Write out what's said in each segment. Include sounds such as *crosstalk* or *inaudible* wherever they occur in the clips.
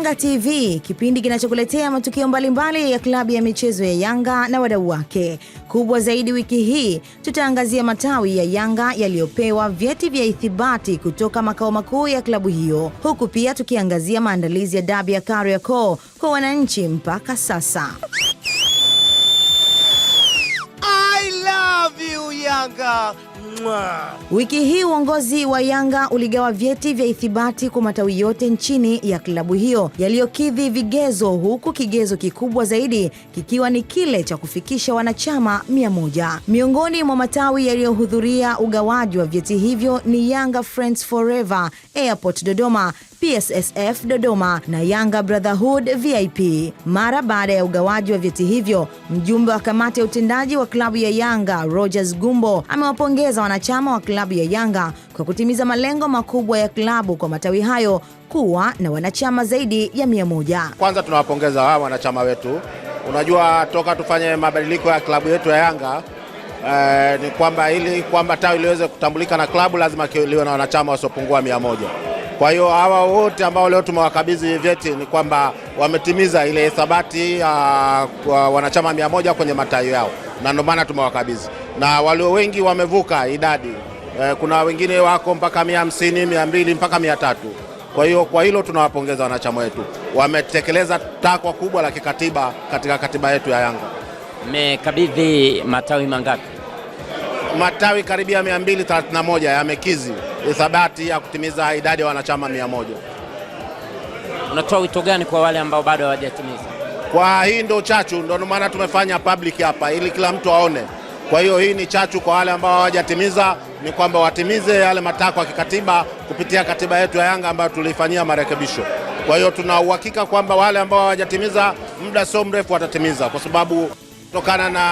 Yanga TV, kipindi kinachokuletea matukio mbalimbali ya klabu ya michezo ya Yanga na wadau wake. Kubwa zaidi wiki hii tutaangazia matawi ya Yanga yaliyopewa vyeti vya ithibati kutoka makao makuu ya klabu hiyo, huku pia tukiangazia maandalizi ya dabi ya Kariakoo kwa wananchi mpaka sasa. I love you, Yanga. Wiki hii uongozi wa Yanga uligawa vyeti vya ithibati kwa matawi yote nchini ya klabu hiyo yaliyokidhi vigezo, huku kigezo kikubwa zaidi kikiwa ni kile cha kufikisha wanachama mia moja. Miongoni mwa matawi yaliyohudhuria ugawaji wa vyeti hivyo ni Yanga Friends Forever, Airport Dodoma, PSSF Dodoma na Yanga Brotherhood VIP. Mara baada ya ugawaji wa vyeti hivyo, mjumbe wa kamati ya utendaji wa klabu ya Yanga Rogers Gumbo amewapongeza wanachama wa klabu ya Yanga kwa kutimiza malengo makubwa ya klabu kwa matawi hayo kuwa na wanachama zaidi ya mia moja. Kwanza tunawapongeza hawa wanachama wetu. Unajua, toka tufanye mabadiliko ya klabu yetu ya Yanga eh, ni kwamba ili kwamba tawi liweze kutambulika na klabu lazima liwe na wanachama wasiopungua mia moja. Kwa hiyo hawa wote ambao leo tumewakabidhi vyeti ni kwamba wametimiza ile hisabati ya uh, wanachama mia moja kwenye matawi yao, na ndio maana tumewakabidhi, na walio wengi wamevuka idadi eh, kuna wengine wako mpaka mia hamsini mia mbili mpaka mia tatu kwa hiyo kwa hilo tunawapongeza wanachama wetu, wametekeleza takwa kubwa la kikatiba katika katiba yetu ya Yanga. Mmekabidhi matawi mangapi? Matawi karibia 231 yamekizi ithabati ya kutimiza idadi ya wanachama mia moja. Unatoa wito gani kwa wale ambao bado hawajatimiza? Kwa hii ndo chachu, ndio maana tumefanya public hapa ili kila mtu aone. Kwa hiyo hii ni chachu kwa wale ambao hawajatimiza, ni kwamba watimize yale matakwa ya kikatiba kupitia katiba yetu ya Yanga ambayo tulifanyia marekebisho. Kwa hiyo tuna uhakika kwamba wale ambao hawajatimiza muda sio mrefu watatimiza, kwa sababu kutokana na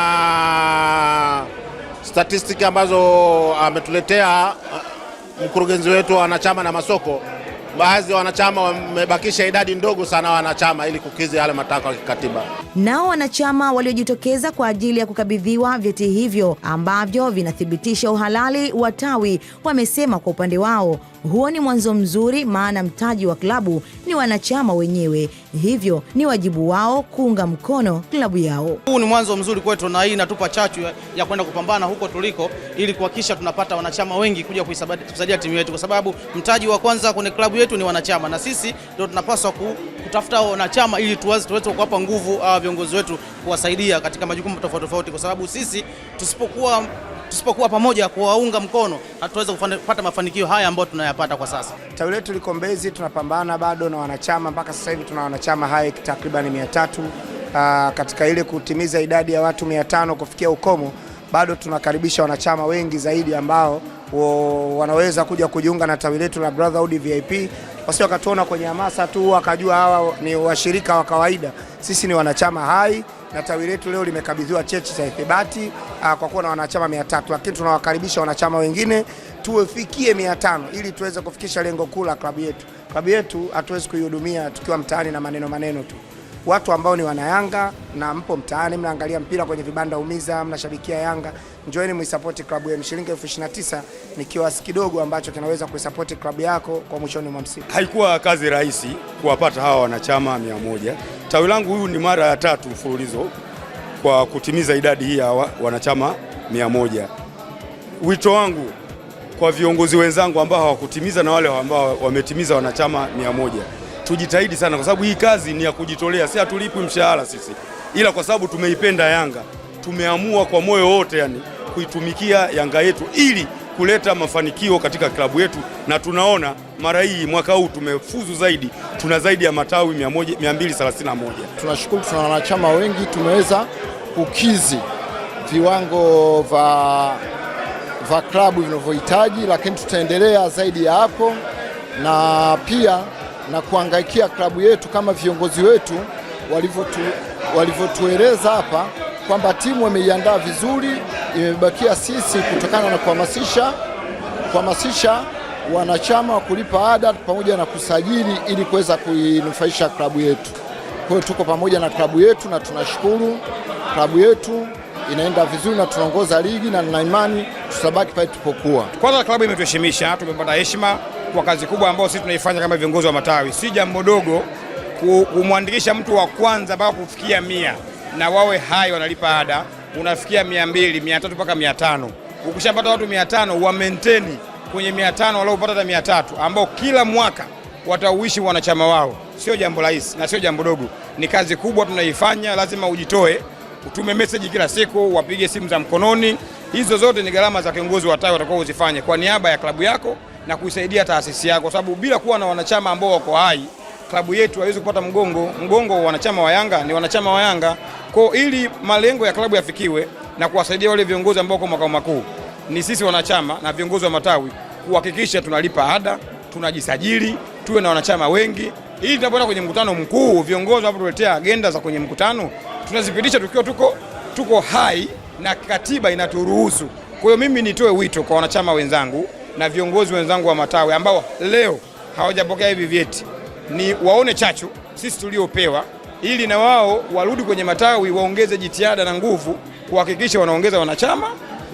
statistiki ambazo ametuletea mkurugenzi wetu wa wanachama na masoko, baadhi ya wanachama wamebakisha idadi ndogo sana wanachama ili kukidhi yale matakwa ya kikatiba. Nao wanachama waliojitokeza kwa ajili ya kukabidhiwa vyeti hivyo ambavyo vinathibitisha uhalali wa tawi wamesema kwa upande wao huo ni mwanzo mzuri, maana mtaji wa klabu ni wanachama wenyewe, hivyo ni wajibu wao kuunga mkono klabu yao. Huu ni mwanzo mzuri kwetu, na hii inatupa chachu ya, ya kwenda kupambana huko tuliko, ili kuhakikisha tunapata wanachama wengi kuja kusaidia timu yetu, kwa sababu mtaji wa kwanza kwenye klabu yetu ni wanachama, na sisi ndio tunapaswa kutafuta wanachama ili tuweze kuwapa nguvu ah, viongozi wetu kuwasaidia katika majukumu tofauti tofauti, kwa sababu sisi tusipokuwa tusipokuwa pamoja kuwaunga mkono hatuweza kupata mafanikio haya ambayo tunayapata kwa sasa. Tawi letu liko Mbezi, tunapambana bado na wanachama. Mpaka sasa hivi tuna wanachama hai takriban mia tatu. Uh, katika ile kutimiza idadi ya watu mia tano kufikia ukomo, bado tunakaribisha wanachama wengi zaidi ambao wo, wanaweza kuja kujiunga na tawi letu la Brotherhood VIP, wasi wakatuona kwenye hamasa tu wakajua hawa ni washirika wa kawaida. Sisi ni wanachama hai na tawi letu leo limekabidhiwa cheti cha ithibati ah, kwa kuwa na wanachama 300, lakini tunawakaribisha wanachama wengine tufikie 500 ili tuweze kufikisha lengo kuu la klabu yetu. Klabu yetu hatuwezi kuihudumia tukiwa mtaani na maneno maneno tu watu ambao ni wana yanga na mpo mtaani mnaangalia mpira kwenye vibanda umiza, mnashabikia Yanga, njoeni muisapoti klabu yenu. Shilingi elfu ishirini na tisa ni kiasi kidogo ambacho kinaweza kuisapoti klabu yako kwa mwishoni mwa msimu. Haikuwa kazi rahisi kuwapata hawa wanachama mia moja. Tawi langu huyu ni mara ya tatu mfululizo kwa kutimiza idadi hii ya wanachama mia moja. Wito wangu kwa viongozi wenzangu ambao hawakutimiza na wale ambao wametimiza wanachama mia moja tujitahidi sana, kwa sababu hii kazi ni ya kujitolea, si hatulipwi mshahara sisi, ila kwa sababu tumeipenda Yanga tumeamua kwa moyo wote yani kuitumikia Yanga yetu ili kuleta mafanikio katika klabu yetu, na tunaona mara hii mwaka huu tumefuzu zaidi, tuna zaidi ya matawi 231. Tunashukuru tuna wanachama wengi, tumeweza kukizi viwango vya va klabu vinavyohitaji, lakini tutaendelea zaidi ya hapo na pia na kuangaikia klabu yetu kama viongozi wetu walivyotu walivyotueleza hapa kwamba timu imeiandaa vizuri, imebakia sisi kutokana na kuhamasisha kuhamasisha wanachama wa kulipa ada pamoja na kusajili ili kuweza kuinufaisha klabu yetu. Kwa hiyo tuko pamoja na klabu yetu na tunashukuru klabu yetu inaenda vizuri na tunaongoza ligi na nina imani tutabaki pale tupokuwa. Kwanza klabu imetuheshimisha, tumepata heshima kwa kazi kubwa ambayo sisi tunaifanya kama viongozi wa matawi. Si jambo dogo kumwandikisha mtu wa kwanza mpaka kufikia mia na wawe hai wanalipa ada, unafikia mia mbili mia tatu mpaka mia tano Ukishapata watu mia tano wa maintain kwenye mia tano waliopata hata mia tatu ambao kila mwaka watauishi wanachama wao, sio jambo rahisi na sio jambo dogo, ni kazi kubwa tunaifanya. Lazima ujitoe, utume message kila siku, wapige simu za mkononi. Hizo zote ni gharama za kiongozi wa tawi watakuwa uzifanye kwa niaba ya klabu yako na kuisaidia taasisi yako, kwa sababu bila kuwa na wanachama ambao wako hai klabu yetu haiwezi kupata mgongo. Mgongo wa wanachama wa Yanga ni wanachama wa Yanga Kwa Ili malengo ya klabu yafikiwe na kuwasaidia wale viongozi ambao wako makao makuu, ni sisi wanachama na viongozi wa matawi kuhakikisha tunalipa ada, tunajisajili, tuwe na wanachama wengi, ili tunapoenda kwenye mkutano mkuu, viongozi tuletea agenda za kwenye mkutano tunazipitisha tukiwa tuko, tuko hai na katiba inaturuhusu. Kwa hiyo mimi nitoe wito kwa wanachama wenzangu na viongozi wenzangu wa matawi ambao leo hawajapokea hivi vyeti, ni waone chachu sisi tuliopewa, ili na wao warudi kwenye matawi waongeze jitihada na nguvu kuhakikisha wanaongeza wanachama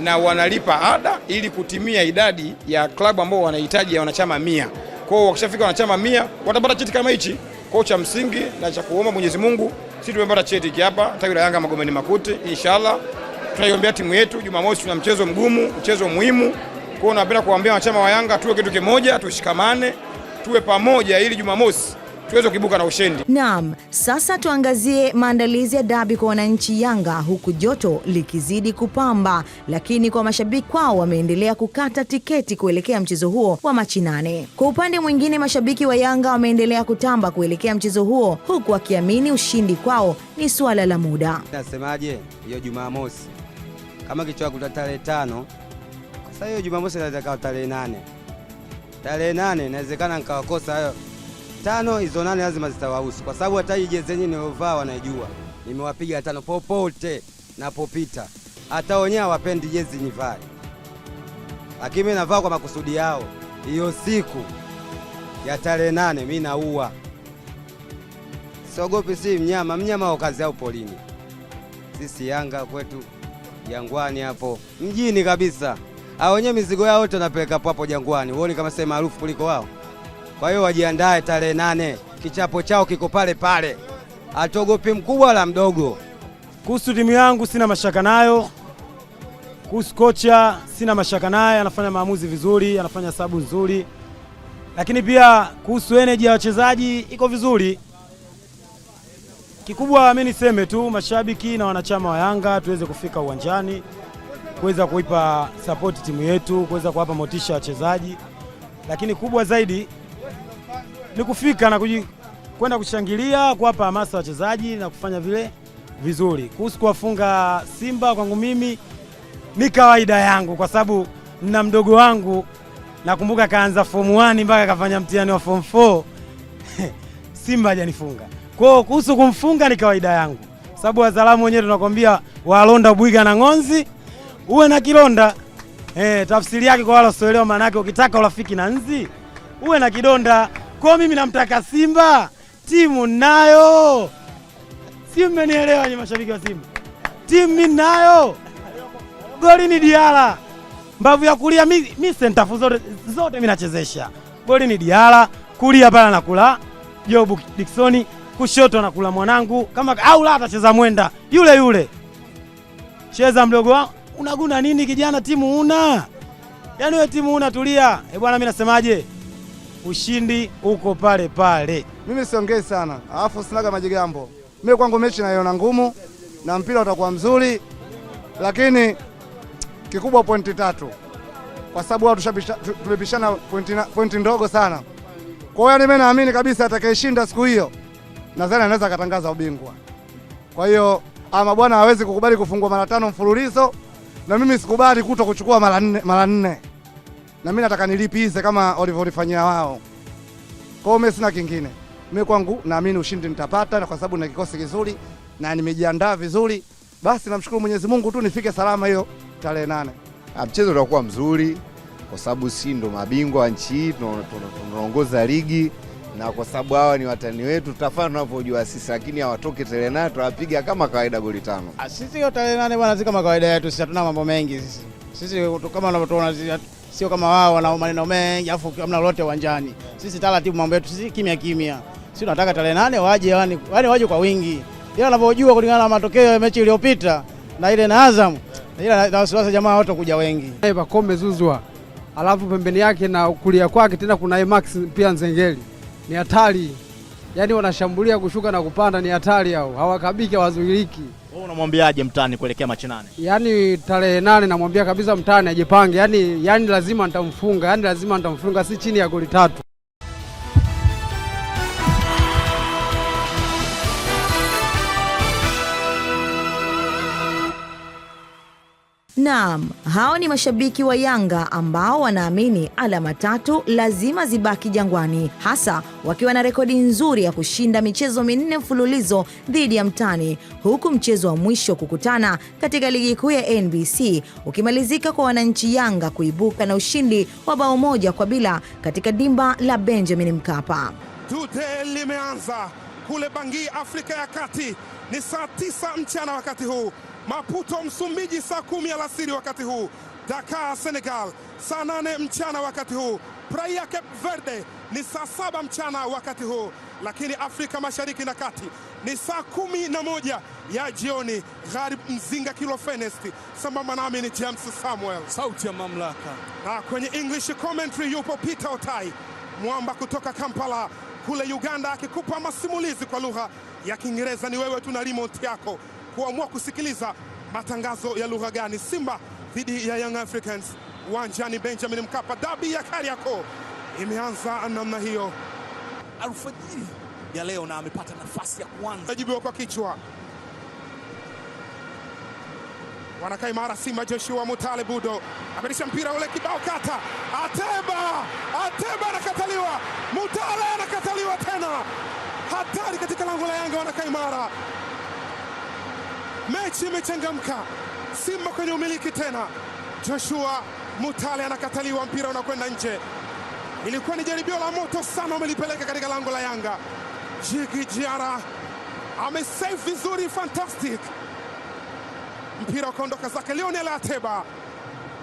na wanalipa ada ili kutimia idadi ya klabu ambao wanahitaji ya wanachama mia. Kwa hiyo wakishafika wanachama mia watapata cheti kama hichi. Kwa cha msingi na cha kuomba Mwenyezi Mungu, sisi tumepata cheti hiki hapa tawi la Yanga Magomeni Makuti. Inshallah tunaiombea timu yetu. Jumamosi tuna mchezo mgumu, mchezo muhimu. Kwa hiyo napenda kuambia wanachama wa Yanga tuwe kitu kimoja, tushikamane, tuwe pamoja ili Jumamosi tuweze kuibuka na ushindi. Naam, sasa tuangazie maandalizi ya dabi kwa wananchi Yanga, huku joto likizidi kupamba, lakini kwa mashabiki kwao wameendelea kukata tiketi kuelekea mchezo huo wa Machi nane. Kwa upande mwingine, mashabiki wa Yanga wameendelea kutamba kuelekea mchezo huo, huku wakiamini ushindi kwao ni suala la muda. Nasemaje hiyo Jumamosi kama kichwa kuta tano sasa hiyo Jumamosi inawezekana tarehe nane, tarehe nane inawezekana nikawakosa hayo tano. Hizo nane lazima zitawahusu, kwa sababu hata hii jezi yenyewe niliyovaa wanaijua nimewapiga tano popote napopita, hata wenyewe hawapendi jezi nivae, lakini mimi navaa kwa makusudi yao. Hiyo siku ya tarehe nane mimi naua, sogopi, si mnyama. Mnyama wa kazi yao polini, sisi Yanga kwetu jangwani hapo mjini kabisa hao wenyewe mizigo yao yote wanapeleka hapo Jangwani. Uone kama sema maarufu kuliko wao. Kwa hiyo wajiandae tarehe nane, kichapo chao kiko pale pale, atogopi mkubwa la mdogo. Kuhusu timu yangu sina mashaka nayo, kuhusu kocha sina mashaka naye, anafanya maamuzi vizuri, anafanya sabu nzuri, lakini pia kuhusu energy ya wachezaji iko vizuri. Kikubwa mimi niseme tu mashabiki na wanachama wa Yanga tuweze kufika uwanjani kuweza kuipa sapoti timu yetu, kuweza kuwapa motisha wachezaji, lakini kubwa zaidi ni kufika na kwenda kushangilia, kuwapa hamasa wachezaji na kufanya vile vizuri. Kuhusu kuwafunga Simba, kwangu mimi ni kawaida yangu, kwa sababu na mdogo wangu nakumbuka kaanza form 1 mpaka kafanya mtihani wa form 4 *laughs* Simba hajanifunga. ko kuhusu kumfunga ni kawaida yangu, sababu wazalamu wenyewe tunakwambia walonda bwiga na ng'onzi uwe na kilonda eh, tafsiri yake kwa wale wasioelewa, maana yake ukitaka urafiki na nzi uwe na kidonda. Kwa mimi namtaka Simba, timu nayo, si mmenielewa? Nye mashabiki wa Simba, timu mimi nayo, goli ni Diala, mbavu ya kulia mi, mi sentafu zote zote mi nachezesha. Goli ni Diala, kulia pala nakula Jobu Diksoni, kushoto nakula mwanangu, kama au la atacheza mwenda yule yule, cheza mdogo wangu unaguna nini kijana, timu una yaani wewe timu una, tulia. Eh bwana, mimi nasemaje, ushindi uko pale pale. Mimi siongei sana, alafu sinaga majigambo. Mimi kwangu mechi naiona ngumu na mpira utakuwa mzuri, lakini kikubwa pointi tatu, kwa sababu wao tumepishana pointi, pointi ndogo sana. Kwa hiyo yani mimi naamini kabisa atakayeshinda siku hiyo nadhani anaweza akatangaza ubingwa. Kwa hiyo ama bwana hawezi kukubali kufungwa mara tano mfululizo na mimi sikubali kuto kuchukua mara nne mara nne, na mimi nataka nilipize kama walivyonifanyia wao. Kwa hiyo mimi sina kingine, mimi kwangu naamini ushindi nitapata, na kwa sababu na kikosi kizuri na nimejiandaa vizuri, basi namshukuru Mwenyezi Mungu tu nifike salama hiyo tarehe nane. Ah, mchezo utakuwa mzuri kwa sababu si ndo mabingwa nchi, tunaongoza ligi na kwa sababu hawa ni watani wetu, tutafanya tunavyojua sisi, lakini hawatoke tarehe nane tutawapiga kama kawaida goli tano. Ah, sisi hiyo tarehe nane bwana, si kama kawaida yetu sisi, hatuna mambo mengi sisi. Sisi kama unavyotuona sio kama wao wana maneno mengi, afu hamna lolote uwanjani. Sisi taratibu, mambo yetu sisi kimya kimya, Sisi tunataka tarehe nane waje, yani yani waje kwa wingi, ila anavyojua kulingana na matokeo ya mechi iliyopita na ile na Azam, ila na wasiwasi jamaa wote kuja wengi, Kombe Zuzwa alafu pembeni yake na kulia kwake tena kuna Emax pia Nzengeli ni hatari, yaani wanashambulia kushuka na kupanda, ni hatari hao, hawakabiki, hawazuiliki. Wewe unamwambiaje mtani kuelekea Machi nane? Yaani tarehe nane namwambia kabisa mtani ajipange, yaani yaani lazima nitamfunga, yaani lazima nitamfunga si chini ya goli tatu. Naam, hao ni mashabiki wa Yanga ambao wanaamini alama tatu lazima zibaki Jangwani, hasa wakiwa na rekodi nzuri ya kushinda michezo minne mfululizo dhidi ya mtani, huku mchezo wa mwisho kukutana katika ligi kuu ya NBC ukimalizika kwa wananchi Yanga kuibuka na ushindi wa bao moja kwa bila katika dimba la Benjamin Mkapa. Tute limeanza kule Bangi, Afrika ya Kati. Ni saa tisa mchana wakati huu Maputo, Msumbiji, saa kumi alasiri wakati huu. Dakar, Senegal, saa nane mchana wakati huu. Praia, Cape Verde, ni saa saba mchana wakati huu, lakini Afrika Mashariki na Kati ni saa kumi na moja ya jioni. Gharib Mzinga Fenesti sambamba nami ni James Samuel, sauti ya mamlaka, na kwenye English commentary yupo Peter Otai mwamba kutoka Kampala kule Uganda, akikupa masimulizi kwa lugha ya Kiingereza. Ni wewe tu na remote yako kuamua kusikiliza matangazo ya lugha gani. Simba dhidi ya Young Africans uwanjani Benjamin Mkapa. Dabi ya Kariakoo imeanza namna hiyo alfajiri ya leo, na amepata nafasi ya kuanza ajibiwa kwa kichwa. Wanakaa imara Simba. Joshua Mutale Budo amerisha mpira ule kibao kata. Ateba, Ateba anakataliwa, Mutale anakataliwa tena. Hatari katika lango la Yanga, wanakaa imara. Mechi imechangamka, Simba kwenye umiliki tena. Joshua Mutale anakataliwa, mpira unakwenda nje. Ilikuwa ni jaribio la moto sana, umelipeleka katika lango la Yanga. Jiki Jiara amesave vizuri, fantastic. Mpira ukaondoka zake. Lionel Ateba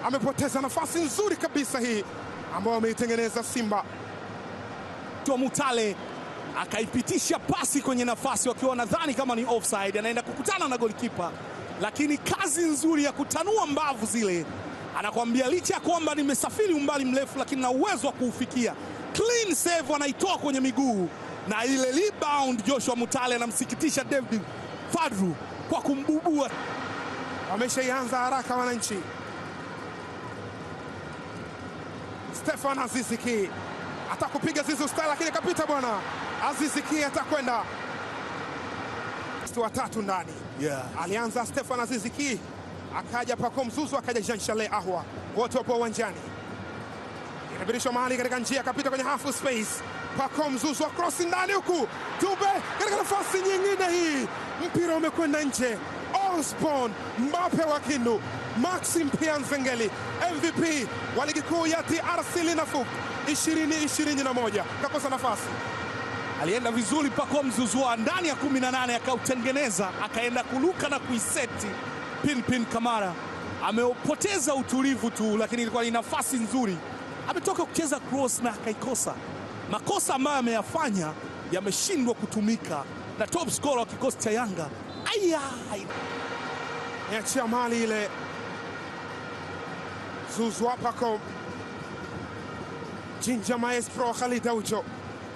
amepoteza nafasi nzuri kabisa hii ambayo ameitengeneza Simba. Mutale akaipitisha pasi kwenye nafasi wakiwa nadhani kama ni offside, anaenda kukutana na golikipa, lakini kazi nzuri ya kutanua mbavu zile, anakwambia licha ya kwamba nimesafiri umbali mrefu, lakini na uwezo wa kuufikia. Clean save anaitoa kwenye miguu na ile rebound, Joshua Mutale anamsikitisha David Fadru kwa kumbubua. Wameshaianza haraka wananchi. Stefan Aziziki atakupiga zizi Star lakini kapita bwana. Aziziki atakwenda watatu ndani yeah. Alianza Stefan Aziziki, akaja Pako Mzuzu, akaja Jean Charles Ahwa, wote wapo uwanjani. Inabirishwa mahali katika njia, akapita kwenye half space. Pako Mzuzu wakrosi ndani huku Dube katika nafasi nyingine, hii mpira umekwenda nje. Osborne Mbape wa Kindu, Maxim Pianzengeli MVP wa ligi kuu ya TRC Linafoot ishirini ishirini na moja kakosa nafasi alienda vizuri Pacome mzuzua ndani ya 18 akautengeneza, akaenda kuluka na kuiseti. Pinpin Kamara amepoteza utulivu tu, lakini ilikuwa ni nafasi nzuri. Ametoka kucheza cross na akaikosa. Makosa ambayo ameyafanya yameshindwa kutumika na top scorer wa kikosi cha Yanga. ayai niachia mali ile zuzua pako Jinja Maestro khalidaujo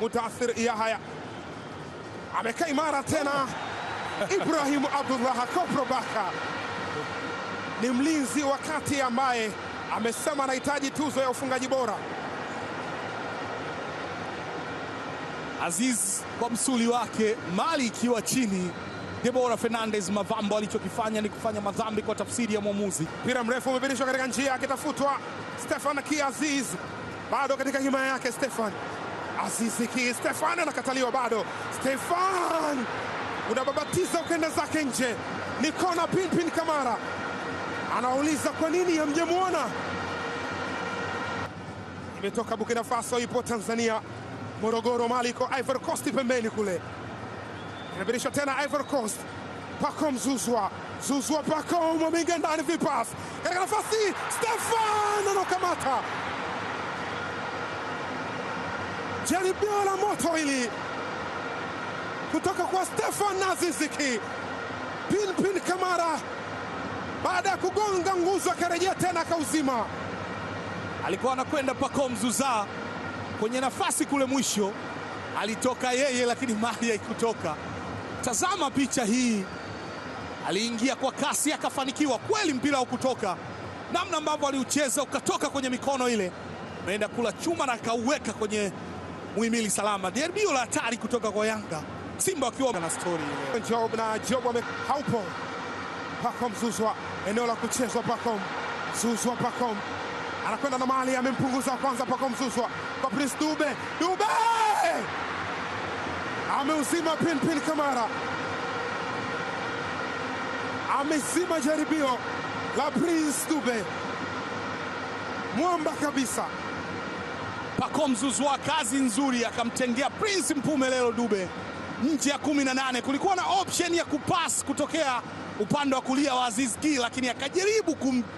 Aucho Yahaya amekaa imara tena. Ibrahimu Abdullah Kopro ni mlinzi wa kati ambaye amesema anahitaji tuzo ya ufungaji bora. Aziz kwa msuli wake, mali ikiwa chini. Debora Fernandez Mavambo alichokifanya ni kufanya madhambi kwa tafsiri ya mwamuzi. Mpira mrefu umepitishwa katika njia akitafutwa Stefan Kiaziz bado katika himaya yake Stefan asisikii. Stefan anakataliwa bado. Stefan unababatiza ukenda zake nje. Ni kona. Pinpin Kamara anauliza kwa nini hamjamwona? Imetoka Burkina Faso, ipo Tanzania, Morogoro, Mali iko Ivory Coast pembeni kule, inabirishwa tena Ivory Coast. Pako Mzuzwa, Zuzwa Pako mwameingia ndani, vipas katika nafasi, Stefan anakamata Jaribio la moto hili kutoka kwa Stefan Aziziki. Pinpin Kamara baada ya kugonga nguzo akarejea tena akauzima. Alikuwa anakwenda pako mzuzaa kwenye nafasi kule mwisho, alitoka yeye, lakini mali haikutoka. Tazama picha hii, aliingia kwa kasi akafanikiwa kweli. Mpira haukutoka namna ambavyo aliucheza, ukatoka kwenye mikono ile, ameenda kula chuma na akauweka kwenye muhimili salama. Jaribio la hatari kutoka kwa Yanga, Simba wakiwa na stori. Job na Job haupo. pakom Zuzwa, eneo la kuchezwa Pacom Zuzwa, pakom anakwenda na mali, amempunguza kwanza Pacom Zuzwa kwa Prince Dube. Dube ameuzima Pinpin Kamara, amezima jaribio la Prince Dube, mwamba kabisa. Pacome Zouzoua kazi nzuri, akamtengea Prince Mpumelelo Dube nje ya 18. Kulikuwa na option ya kupas kutokea upande wa kulia wa Aziz Ki, lakini akajaribu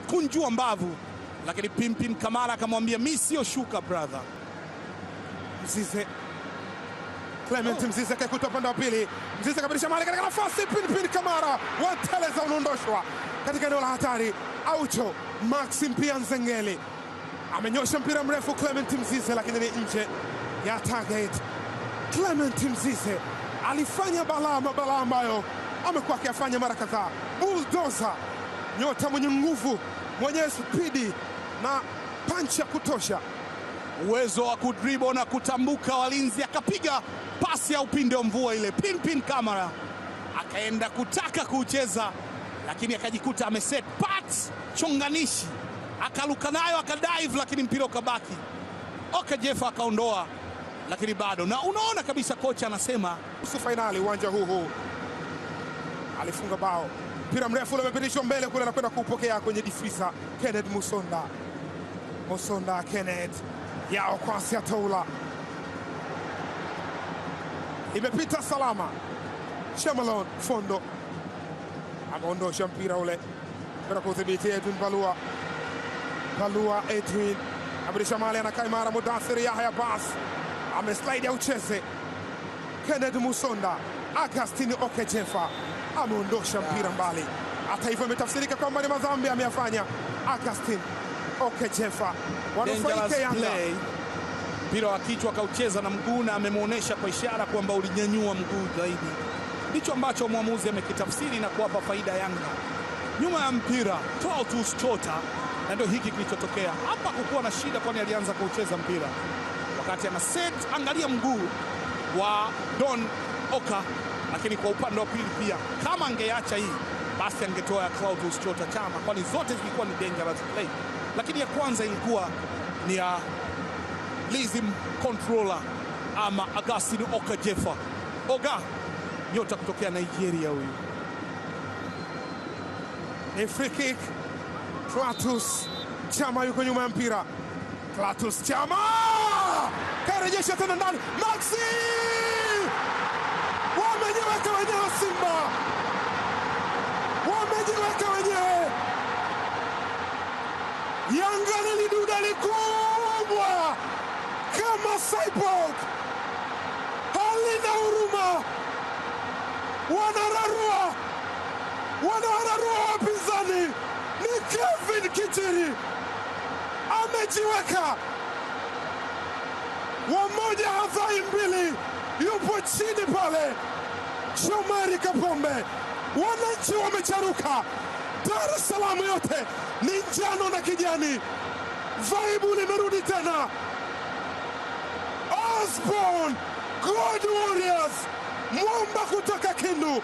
kunjua mbavu, lakini Pimpin Kamara akamwambia mi sio shuka brother. Mzize Clement oh. Mzize akaikuta upande wa pili, Mzize akabadilisha mahali katika nafasi, Pimpin Kamara wateleza unaondoshwa katika eneo la hatari, aucho Maxim pia Nzengeli amenyosha mpira mrefu Clement Mzize, lakini ni nje ya target. Clement Mzize alifanya balaa mabalaa ambayo amekuwa akiyafanya mara kadhaa. Bulldozer, nyota mwenye nguvu, mwenye spidi na panchi ya kutosha, uwezo wa kudribo na kutambuka walinzi, akapiga pasi ya upinde wa mvua ile pinpin kamera akaenda kutaka kuucheza, lakini akajikuta ameset pat chonganishi akaluka nayo akadive, lakini mpira ukabaki. Oka Jefa akaondoa, lakini bado, na unaona kabisa kocha anasema nusu fainali uwanja huu huu alifunga bao, mpira mrefu ule umepitishwa mbele kule, anakwenda kuupokea kwenye difisa Kenneth Musonda. Musonda Kenneth yao kwasi ataula imepita salama. Shemalon Fondo ameondosha mpira ule, mpira kudhibiti Edwin Balua. Kalua Edwin Abdisha Mali anakaa imara, Mudathir Yahya Bas ameslaidi aucheze. Kennedy Musonda, Agustin Okejefa ameondosha mpira mbali. Hata hivyo imetafsirika kwamba ni madhambi ameyafanya Agustin Okejefa, wanufaike Yanga. Mpira wa kichwa akaucheza na mguu na amemwonyesha kwa ishara kwamba ulinyanyua mguu zaidi. Ndicho ambacho mwamuzi amekitafsiri na kuwapa faida Yanga. Nyuma ya mpira Claudius Chota na ndio hiki kilichotokea hapa. Kukuwa na shida, kwani alianza kuucheza mpira wakati ana set. Angalia mguu wa Don Oka, lakini kwa upande wa pili pia, kama angeacha hii basi angetoa Claudius Chota Chama, kwani zote zilikuwa ni dangerous play, lakini ya kwanza ilikuwa ni ya Lizim controller ama Augustine Oka Jefa Oga, nyota kutokea Nigeria huyu. Ni free kick Clatous Chama yuko nyuma ya mpira. Clatous Chama karejesha tena ndani, Maxi wamejiweka wenyewe, Simba wamejiweka wenyewe. Yanga ni likubwa kama cyborg, halina huruma, wanararua wanararua wapinzani. Kelvin Kitiri amejiweka, wamoja havai mbili, yupo chini pale Shomari Kapombe. Wananchi wamecharuka, Dar es Salaam yote ni njano na kijani, vaibu limerudi tena. Osborne God Warriors, mwamba kutoka Kindu,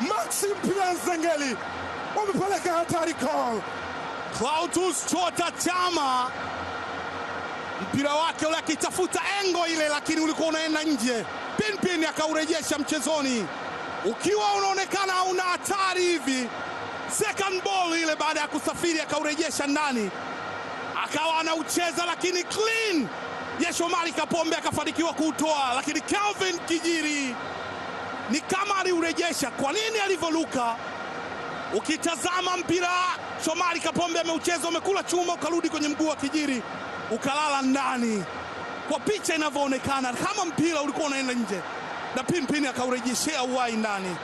Maxim Pian Zengeli wamepeleka hatari call. Clatous Chota Chama mpira wake ule akitafuta engo ile, lakini ulikuwa unaenda nje. Pinpin akaurejesha mchezoni ukiwa unaonekana una hatari hivi. Second ball ile baada ya kusafiri akaurejesha ndani, akawa anaucheza lakini clean ya Shomari Kapombe akafanikiwa kuutoa, lakini Calvin Kijiri ni kama aliurejesha. Kwa nini alivyoluka Ukitazama mpira Shomari Kapombe ameucheza, umekula chuma ukarudi kwenye mguu wa Kijiri ukalala ndani. Kwa picha inavyoonekana kama mpira ulikuwa unaenda nje na Pinpin akaurejeshea uwai ndani.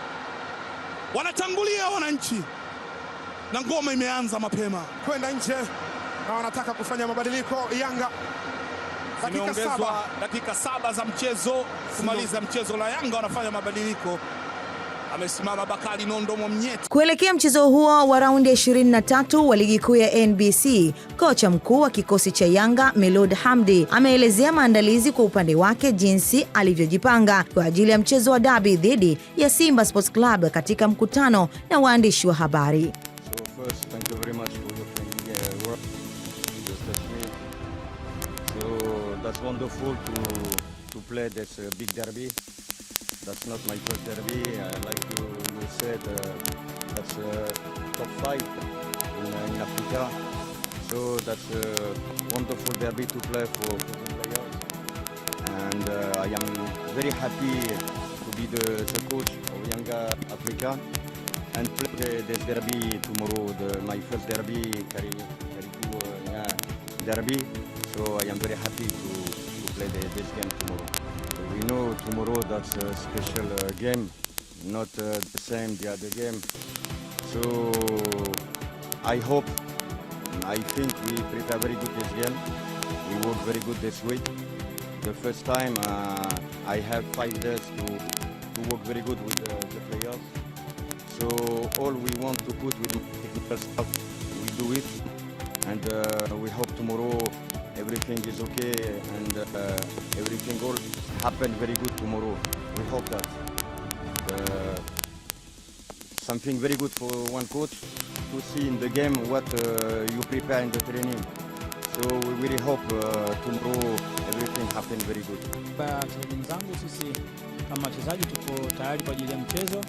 Wanatangulia wananchi na ngoma imeanza mapema kwenda nje, na wanataka kufanya mabadiliko Yanga. Dakika saba, dakika saba za mchezo kumaliza mchezo, na Yanga wanafanya mabadiliko amesimama Bakari Nondo Mwamnyeti. Kuelekea mchezo huo wa raundi ya 23 wa ligi kuu ya NBC, kocha mkuu wa kikosi cha Yanga melod Hamdi ameelezea maandalizi kwa upande wake jinsi alivyojipanga kwa ajili ya mchezo wa dabi dhidi ya Simba Sports Club katika mkutano na waandishi wa habari. So first, thank you very much for that's not my first derby. I like to say uh, that's a top fight in, uh, in, Africa. So that's a wonderful derby to play for, the players. And uh, I am very happy to be the, the coach of Yanga Africa and play this derby tomorrow, the, my first derby, Karikou uh, derby. So I am very happy to, to play the, this game tomorrow. We know tomorrow that's a special uh, game, not uh, the same the other game. So I hope, I think we prepare very good this game. We work very good this week. The first time uh, I have five days to, to work very good with the, the players. So all we want to put with the technical stuff, we do it. And uh, we hope tomorrow everything is okay and uh, everything will happen very good tomorrow. We hope that. Uh, something very good for one coach to see in the game what uh, you prepare in the training. So we really hope uh, tomorrow everything happen very good. Wachezaji wenzangu, sisi kama wachezaji tuko tayari kwa ajili ya mchezo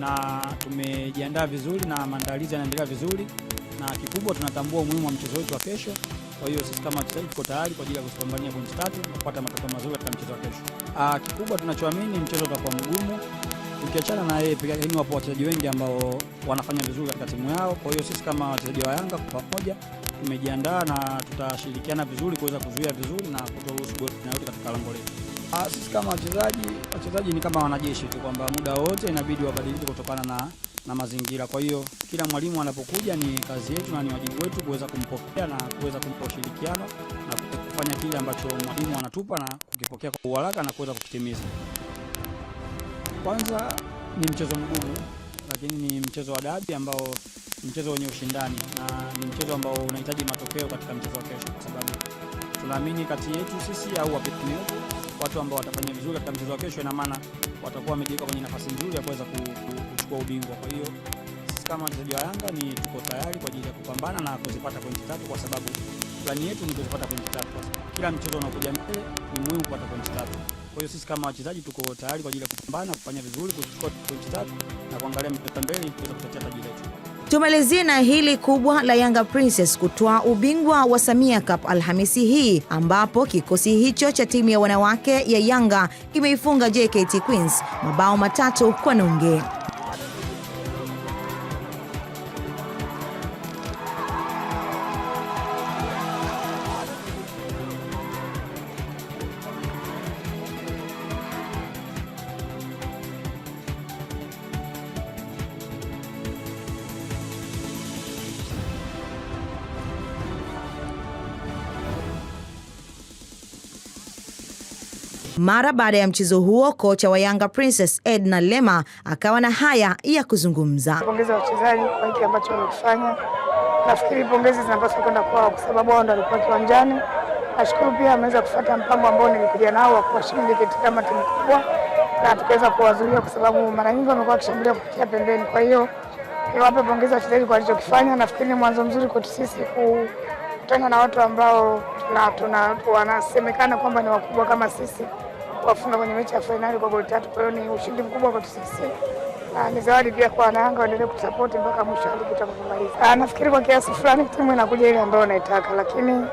na tumejiandaa vizuri na maandalizi yanaendelea vizuri, na kikubwa tunatambua umuhimu wa mchezo wetu wa kesho. Kwa hiyo sisi kama sasa tuko tayari kwa ajili ya kupambania pointi tatu na kupata matokeo mazuri katika mchezo wa kesho. Ah, kikubwa tunachoamini mchezo utakuwa mgumu. Ukiachana na yeye pekee yake, wapo wachezaji wengi ambao wanafanya vizuri katika timu yao. Kwa hiyo sisi kama wachezaji wa Yanga kwa pamoja tumejiandaa na tutashirikiana vizuri kuweza kuzuia vizuri na kutoruhusu goli na yote katika lango letu. Ah, sisi kama wachezaji, wachezaji ni kama wanajeshi tu kwamba muda wote inabidi wabadilike kutokana na na mazingira. Kwa hiyo kila mwalimu anapokuja, ni kazi yetu na ni wajibu wetu kuweza kumpokea na kuweza kumpa ushirikiano na kufanya kile ambacho mwalimu anatupa na kukipokea kwa uharaka na kuweza kukitimiza. Kwanza ni mchezo mgumu, lakini ni mchezo wa dabi ambao mchezo wenye ushindani na ni mchezo ambao unahitaji matokeo katika mchezo wa kesho, kwa sababu tunaamini kati yetu sisi au wapinzani wetu, watu ambao watafanya vizuri katika mchezo wa kesho, ina maana watakuwa wamejiweka kwenye nafasi nzuri ya kuweza ku kuchukua ubingwa. Kwa hiyo sisi kama wachezaji wa Yanga ni tuko tayari kwa ajili ya kupambana na kuzipata pointi tatu, kwa sababu plani yetu ni kuzipata pointi tatu. kwa sababu Kila mchezo unaokuja mbele ni muhimu kupata pointi tatu. Kwa hiyo sisi kama wachezaji tuko tayari kwa ajili ya kupambana, kufanya vizuri, kuchukua pointi tatu na kuangalia mpaka mbele kuweza kutetea taji letu. Tumalizie na hili kubwa la Yanga Princess kutoa ubingwa wa Samia Cup Alhamisi hii ambapo kikosi hicho cha timu ya wanawake ya Yanga kimeifunga JKT Queens mabao matatu kwa nunge. Mara baada ya mchezo huo, kocha wa Yanga Princess Edna Lema akawa na haya ya kuzungumza. Pongeza wachezaji kwa kile ambacho wamekifanya. Nafikiri pongezi zinapaswa kwenda kwao kwa sababu wao ndio walikuwa kiwanjani. Nashukuru pia ameweza kufuata mpango ambao nilikuja nao wa kuwashinda kama timu kubwa na tukaweza kuwazuia, kwa sababu mara nyingi wamekuwa wakishambulia kupitia pembeni. Kwa hiyo niwape pongezi wachezaji kwa alichokifanya. Nafikiri ni mwanzo mzuri kwetu sisi kukutana na watu ambao wanasemekana kwamba ni wakubwa kama sisi kuwafunga kwenye mechi ya fainali kwa goli tatu. Kwa hiyo ni ushindi mkubwa kwa sisi na ah, ni zawadi pia kwa Wanayanga, waendelee kutusapoti mpaka mwisho hadi tutakapomaliza. Ah, nafikiri kwa kiasi fulani timu inakuja ile ambayo unaitaka, lakini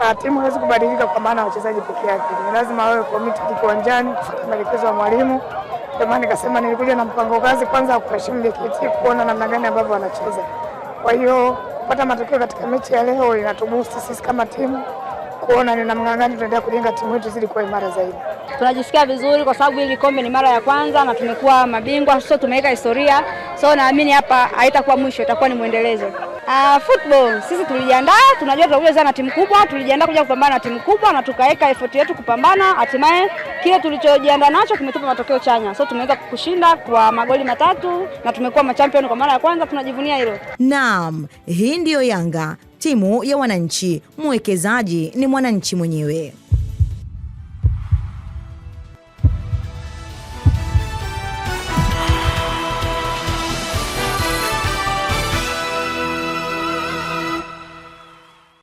ah, timu haiwezi kubadilika kwa maana ya wachezaji peke yake, ni lazima wawe committed kiwanjani kufuata maelekezo ya mwalimu. Ndio maana nikasema nilikuja na mpango kazi kwanza kuheshimu JKT, kuona namna gani ambavyo wanacheza. Kwa hiyo kupata matokeo katika mechi ya leo inatubusti sisi kama timu kuona ni namna gani tunaendelea kujenga timu yetu zili kuwa imara zaidi. Tunajisikia vizuri kwa sababu hili kombe ni mara ya kwanza na tumekuwa mabingwa, so tumeweka historia, so naamini hapa haitakuwa mwisho, itakuwa ni mwendelezo. Uh, football sisi tulijiandaa, tunajua tutakuja na timu kubwa, tulijiandaa kuja kupambana na timu kubwa na tukaweka effort yetu kupambana, hatimaye kile tulichojiandaa nacho kimetupa matokeo chanya, so tumeweza kushinda kwa magoli matatu na tumekuwa machampion kwa mara ya kwanza, tunajivunia hilo. Naam, hii ndiyo Yanga timu ya wananchi, mwekezaji ni mwananchi mwenyewe.